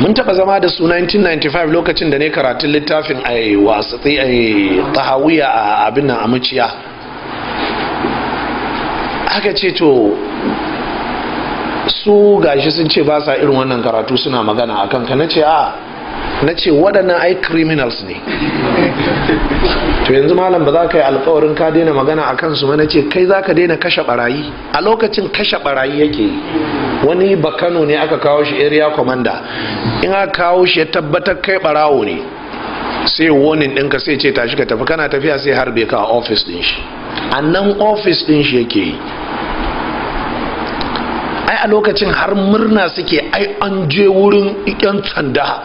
mun taba zama da su 1995 lokacin da ne karatun littafin a wasu tahawiya a abin nan a aka ce to su gashi sun ce ba sa irin wannan karatu suna magana a kanka na ce a ah, na ce waɗannan ai criminals ne to yanzu malam ba za ka yi alkawarin ka daina magana a kansu mana ce kai za ka daina kashe barayi a lokacin kashe barayi yake wani bakano ne aka kawo shi area commander in aka kawo shi ya tabbatar kai barawo ne sai warning ɗinka sai ce tashi ka tafi kana tafiya sai harbe ka a office ɗin shi a nan office ɗin shi yake yi ai a lokacin har murna suke ai an je wurin yan sanda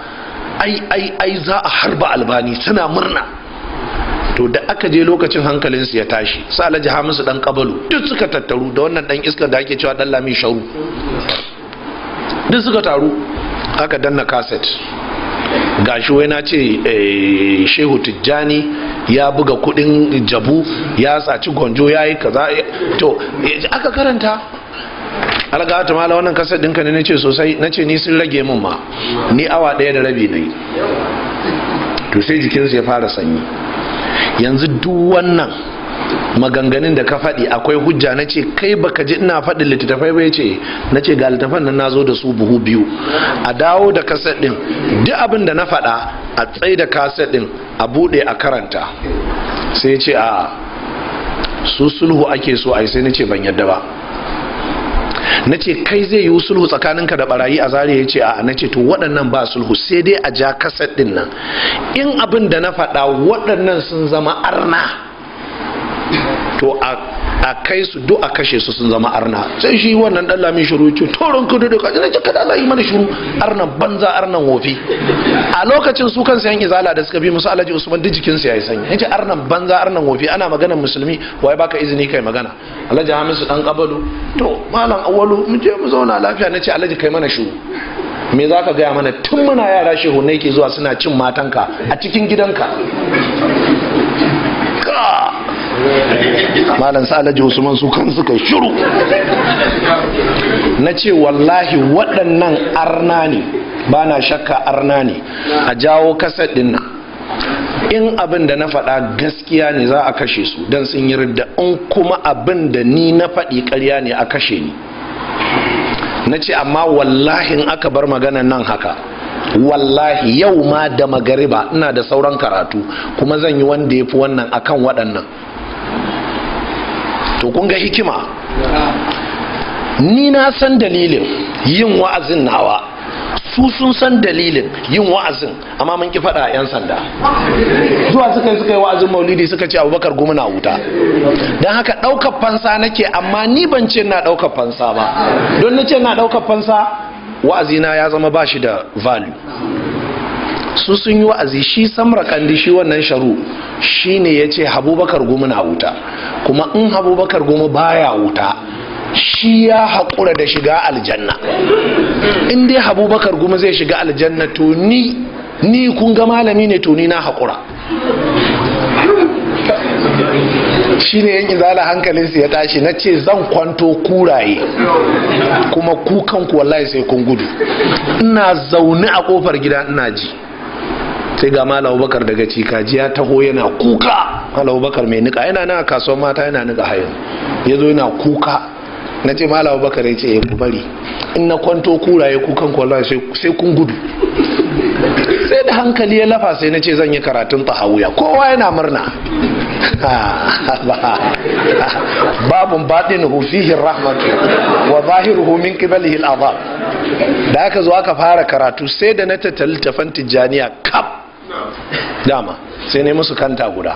ai ai ai za a harba albani suna murna to da aka je lokacin hankalinsu ya tashi su alhaji hamisu dan kabalu duk suka tattaru da wannan dan iskar da ake cewa dan lami sharu duk suka taru aka danna kaset gashi wai na ce eh, shehu tijjani ya buga kudin jabu ya tsaci gonjo ya yi kaza to eh, aka karanta alga ta mala wannan kasar ɗinka ne nace sosai nace ni sun rage min ma ni awa ɗaya da rabi na yi to sai jikinsu ya fara sanyi yanzu duk wannan maganganun da ka faɗi akwai hujja na ce kai baka ji ina faɗin littattafai ba ce na ce ga littattafan nan na zo da su buhu biyu a dawo da kaset ɗin duk abin da na faɗa a tsai da kaset ɗin a buɗe a karanta sai ce a su sulhu ake so a yi sai na ce ban yadda ba na ce kai zai yi sulhu tsakaninka da barayi a zariya ya ce a na ce to waɗannan ba sulhu sai dai a ja kasar ɗin nan in abin da na faɗa waɗannan sun zama arna to a a kai su duk a kashe su sun zama arna sai shi wannan dan lamin shiru ce toron kudu da kaji ce kada Allah yi mana shiru arnan banza arnan wofi a lokacin su kansu yan izala da suka bi musu Alhaji Usman duk jikin su yayi sanyi yace arnan banza arnan wofi ana magana musulmi wai baka izini kai magana Alhaji Hamisu dan kabalu to malam awwalu mu je mu zauna lafiya nace Alaji kai mana shiru me zaka ka gaya mana tun muna yara shehu ne ke zuwa suna cin matanka a cikin gidanka malam salaji usman su kan suka shiru na ce wallahi waɗannan arna ne ba na shakka arna ne a jawo kasar nan. in abin da na faɗa gaskiya ne za a kashe su don sun yi ridda in kuma abin da ni na faɗi ƙarya ne a kashe ni na ce amma wallahin aka bar magana nan haka wallahi yau ma da magariba ina da sauran karatu kuma zan yi wanda ya fi wannan akan waɗannan to kun ga hikima ni na san dalilin yin wa'azin nawa su sun san dalilin yin wa'azin amma mun ki faɗa 'yan sanda zuwa suka yi suka yi wa'azin maulidi suka ce abubakar goma na wuta don haka ɗaukar fansa nake amma ni ban ce na ɗaukar fansa ba don na ce na ɗaukar fansa wa'azina ya zama ba shi da value su sun yi wa'azi shi samra kandi shi wannan sharu shi ne ya ce habubakar gumi na wuta kuma in habubakar gumi baya wuta shi ya haƙura da shiga aljanna in dai habubakar gumi zai shiga aljanna to ni ni kun ga malami ne to ni na haƙura shi ne yan izala hankalinsu ya tashi na ce zan kwanto kuraye kuma kukan kuwa wallahi sai kun gudu ina zaune a kofar gida ina ji sai ga malam abubakar daga cikaji ya taho yana kuka malam abubakar mai nika yana nan a kasuwar mata yana nika hayan ya zo yana kuka na ce malam abubakar ya ce ya eh, bari in na kwanto kuraye kukan kwallon sai kun gudu sai da hankali ya lafa sai na ce zan yi karatun tahawuya kowa yana murna babun baɗin hufihin rahmatu wa zahiru min qibalihi al'azab da aka zo aka fara karatu sai da na tattali tafan tijjaniya kaf dama sai ne musu kanta guda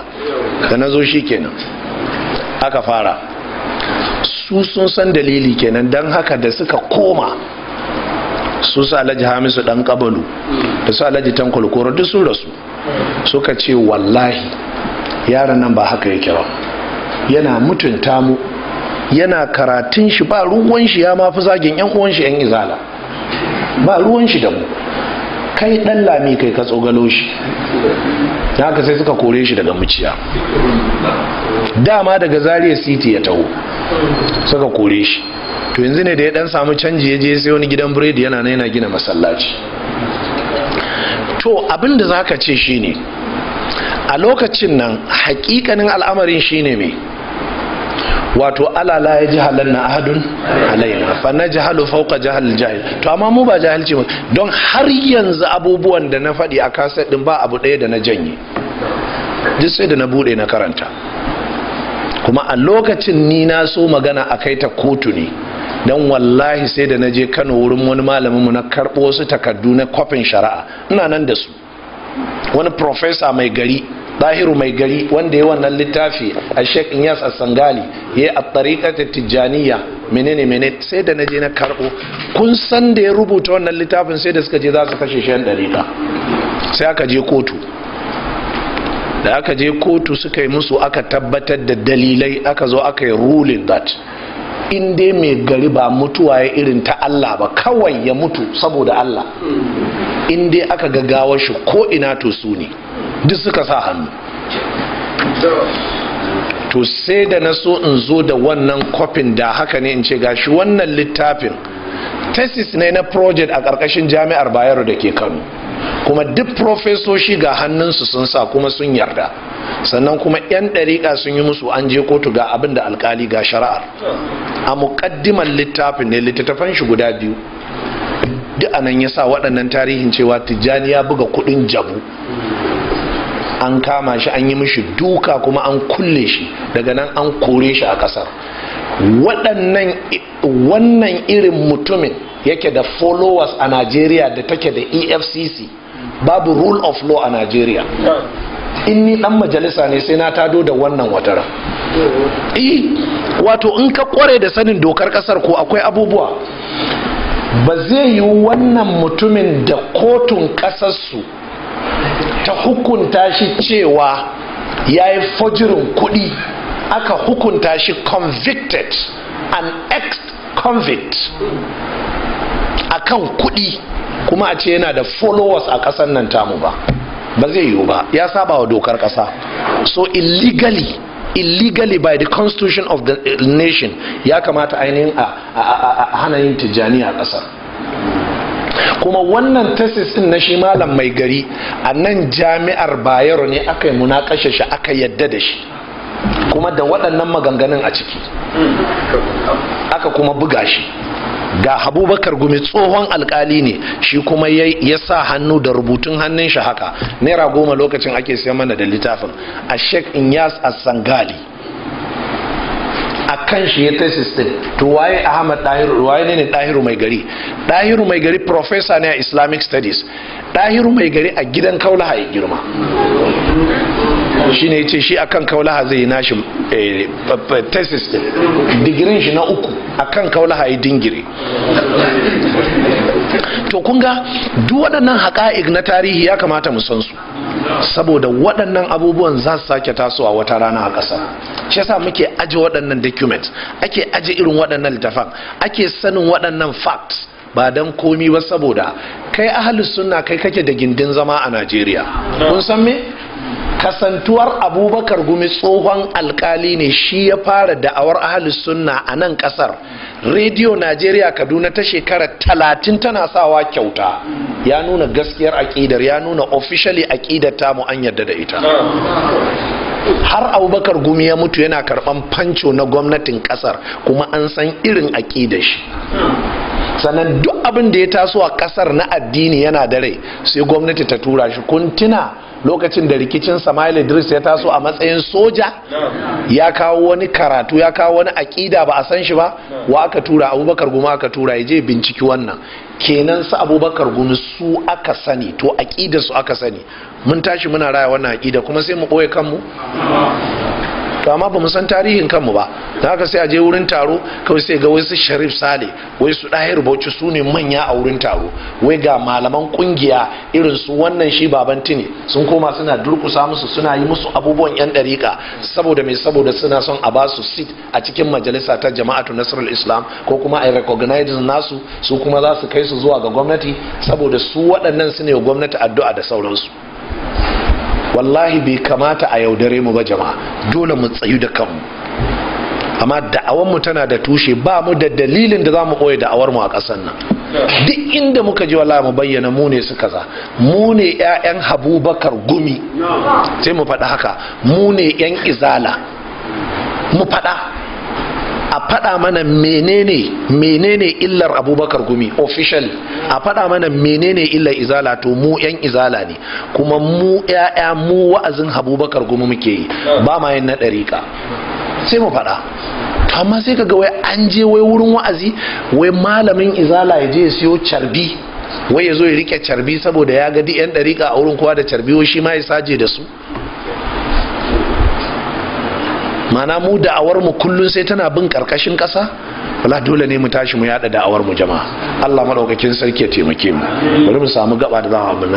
da na zo shi kenan aka fara su sun san dalili kenan don haka da suka koma su su alhaji hamisu dan kabalu da su alhaji tankul koro duk sun rasu suka ce wallahi yaran nan ba haka yake ba yana mutunta mu yana karatun shi ba ruwan shi ya mafi zagin yan uwan shi yan izala ba ruwan shi da mu kai dan lami kai ka tsogalo shi ta haka sai suka kore shi daga muciya dama daga zariya city ya taho suka kore shi to yanzu ne da ya dan samu canji ya je sai wani gidan biredi yana na yana gina masallaci to abin da za ka ce shine a lokacin nan hakikanin al'amarin shine mai wato alala ya ji halal na ahadun alayin fa na jihalu fauka jahal jahil to amma mu ba jahilci ba don har yanzu abubuwan da na faɗi a kasar ɗin ba abu ɗaya da na janye duk sai da na buɗe na karanta kuma a lokacin ni na so magana a kai ta kotu ne don wallahi sai da na je kano wurin wani malamin mu na karɓo wasu takardu na kwafin shari'a ina nan da su wani profesa mai gari ɗahiru mai gari wanda ya wannan littafi a sheikh inyas sangali ya yi a da tijjaniya menene mene sai da na je na karɓo kun san da ya rubuta wannan littafin sai da suka je za su kashe shi yan ɗarika sai aka je kotu da aka je kotu suka yi musu aka tabbatar da dalilai aka zo aka yi ruling that in dai mai gari ba mutuwa ya irin ta Allah ba kawai ya mutu saboda Allah in dai aka gagawa shi ko ina to su ne duk suka sa hannu to sai da na so in zo da wannan kofin da haka ne in ce gashi wannan littafin tesis ne na project a ƙarƙashin jami'ar bayero da ke kano kuma duk profesoshi ga hannunsu sun sa kuma sun yarda sannan kuma 'yan ɗariƙa sun yi musu an je kotu ga abin da alkali ga shari'ar a muƙaddimar littafin ne littattafan shi guda biyu duk anan ya sa waɗannan tarihin cewa tijjani ya buga kuɗin jabu an kama shi an yi mishi duka kuma an kulle shi daga nan an kore shi a kasar. waɗannan wannan irin mutumin yake da followers a Nigeria da take da efcc babu rule of law a Nigeria. in ni dan majalisa ne sai na tado da wannan wataran eh wato in ka kware da sanin dokar kasar ko akwai abubuwa ba zai yi wannan mutumin da kotun kasarsu ta hukunta shi cewa ya yi fajirin kuɗi aka hukunta shi convicted an ex-convict a kan kuɗi kuma a ce yana da followers a ƙasar nan tamu ba ba zai yiwu ba ya saba wa dokar ƙasa so illegally illegally by the constitution of the nation ya kamata ainihin a hana yin tijjani a ƙasar kuma wannan tesis din na shi malam mai gari a nan jami'ar bayero ne aka yi munakashe shi aka yadda da shi kuma da waɗannan maganganun a ciki aka kuma buga shi ga habubakar gumi tsohon alkali ne shi kuma ya sa hannu da rubutun hannun shi haka naira goma lokacin ake sai mana da littafin a in inyas a sangali kan shi ya thesis din to waye ahmad dahiru waye ne dahiru mai gari dahiru mai gari professor ne a islamic studies dahiru mai gari a gidan kaulaha ya girma shi ne ya ce shi akan kaulaha zai yi nashi eh, thesis din digirin shi na uku akan kaulaha ya dingire to kunga ga duk waɗannan haƙa'ig na tarihi ya kamata mu san su saboda waɗannan abubuwan za su sake tasowa wata rana a ƙasa shi yasa muke aji waɗannan document ake aje irin waɗannan littafan ake sanin waɗannan facts ba dan komi ba saboda kai ahalus sunna kai kake da gindin zama a Najeriya kun san me kasantuwar abubakar gumi tsohon alkali ne shi ya fara da'awar ahalus sunna a nan kasar rediyo najeriya kaduna ta shekara talatin tana sawa kyauta ya nuna gaskiyar aƙidar ya nuna officially aƙidar mu an yarda da ita har abubakar gumi ya mutu yana karɓan fanco na gwamnatin kasar kuma an san irin aƙidar shi sannan duk abin da ya taso a kasar na addini yana da rai sai gwamnati ta tura shi kun lokacin da rikicin Samail Idris ya taso a matsayin soja ya kawo wani karatu ya kawo wani aƙida ba a san shi ba wa aka tura Abubakar Guma aka tura ya je binciki wannan kenan su Abubakar Gumi su aka sani to aƙidar su aka sani mun tashi muna raya wannan akida kuma sai mu ɓoye kanmu to amma ba mu san tarihin kanmu ba da haka sai a je wurin taro kawai sai ga wai su sharif sale wai su ɗahir bauchi su ne manya a wurin taro wai ga malaman ƙungiya irin su wannan shi baban tini sun koma suna durkusa musu suna yi musu abubuwan yan ɗariƙa saboda mai saboda suna son a ba su seat a cikin majalisa ta jama'atu nasarar islam ko kuma a recognize nasu su kuma za su kai su zuwa ga gwamnati saboda su waɗannan su ne gwamnati addu'a da sauransu wallahi bai kamata a yaudare mu ba jama'a dole mu tsayu da kanmu amma da'awar mu tana da tushe ba mu da dalilin da za mu ɓoye da'awar mu a ƙasar nan duk inda muka ji wallahi mu bayyana mu ne su kaza mu ne 'ya'yan habubakar gumi sai mu faɗi haka mu ne 'yan izala mu faɗa a faɗa mana menene menene illar abubakar gumi official a faɗa mana menene illar izala to mu yan izala ne kuma mu ya'ya mu wa'azin abubakar gumi muke yi ba ma yin na ɗariƙa sai mu faɗa amma sai kaga wai an je wai wurin wa'azi wai malamin izala ya je ya siyo carbi wai ya zo ya rike carbi saboda ya ga yan ɗariƙa a wurin kowa da carbi wai shi ma ya saje da su mana mu da'awar mu kullun sai tana bin karkashin ƙasa, wala dole ne mu tashi mu yada da'awar mu jama'a Allah madaukakin sarki ya taimake mu bari mu samu gaba da zamu